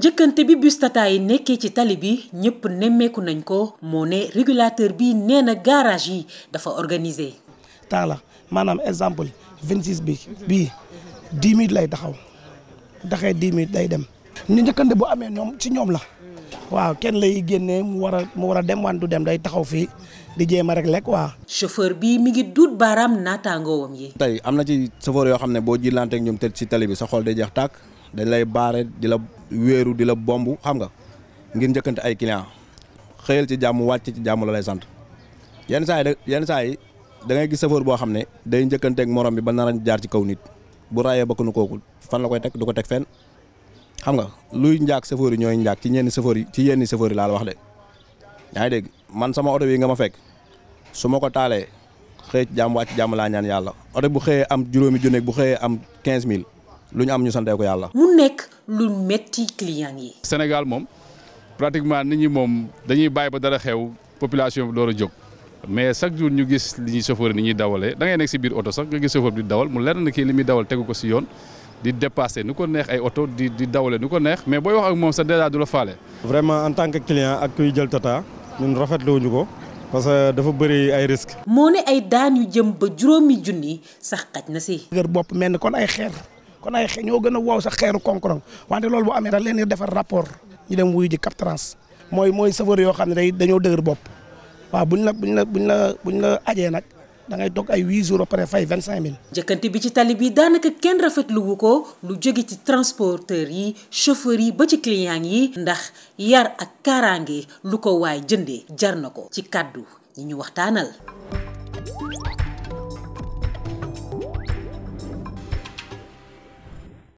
njëkkante bi bus yi nekkee ci tali bi ñëpp nemmeeku nañ ko moo ne régulateur bi nee na garage yi dafa organisé. taala maanaam exemple 26 bi bii 10 minutes lay taxaw daxee 10 minutes day dem ni njëkkante bu amee ñoom ci ñoom la. waaw kenn lay génne mu war a mu war a dem wan du dem day taxaw fii di jéem a rek lekk waaw. chauffeur bi mi ngi duut baaraam naataangoowam yi. tey am na ci chauffeur yoo xam ne boo jilanteeg ñoom te ci tali bi sa xol day jeex tàkk dañ lay baare di la wéeru di la bomb xam nga ngir njëkkante ay client xëyal ci jàmm wàcc ci jàmm la lay sant yenn saay yi yenn saa yi da ngay gis chauffeur boo xam ne day njëkkanteeg morom bi ba narañ jaar ci kaw nit bu raayee bakk nu kooku fan la koy teg du ko teg fenn. xam nga luy njaak sëfoor yi ñooy njaak ci ñenn sëfoor yi ci yenn sëfoor yi laa la wax de yaa ngi man sama oto bi nga ma fekk su ma ko taalee xëy jàmm wàcc jàmm laa ñaan yàlla oto bu xëyee am juróomi junne bu xëyee am quinze lu ñu am ñu santee ko yàlla. mu nekk lu metti client yi. Sénégal moom pratiquement ni ñi moom dañuy bàyyi ba dara xew population bi door a jóg mais chaque jour ñu gis li ñuy chauffeur ni ñuy dawalee da ngay nekk si biir oto sax nga gis chauffeur bi dawal mu leer na kii dawal tegu ko si yoon. di dépasser nu ko neex ay oto di di dawale nu ko neex mais booy wax ak moom sa déjà du la faale. vraiment en tant que client ak kuy jël tata ñun rafetluwuñu ko. parce que dafa bëri ay risques. moo ne ay daan yu jëm ba juróomi junni sax xaj na si. dëgër bopp mel ni kon ay xeer kon ay xeer ñoo gën a wow sax xeeru konkorong wante loolu bu amee dañ leen defar rapport ñu dem wuyu ji Cap Trans mooy mooy safar yoo xam ne day dañoo dëgër bopp waaw buñ la buñ la buñ la buñ la ajee nag. da ngay toog ay huit jours après fay vingt cinq mille. jëkkante bi ci tali bi daanaka kenn rafetlu ko lu jóge ci transporteur yi chauffeur yi ba ci client yi ndax yar ak kaaraange lu ko waaye jëndee jar na ko ci kàddu yi ñu waxtaanal.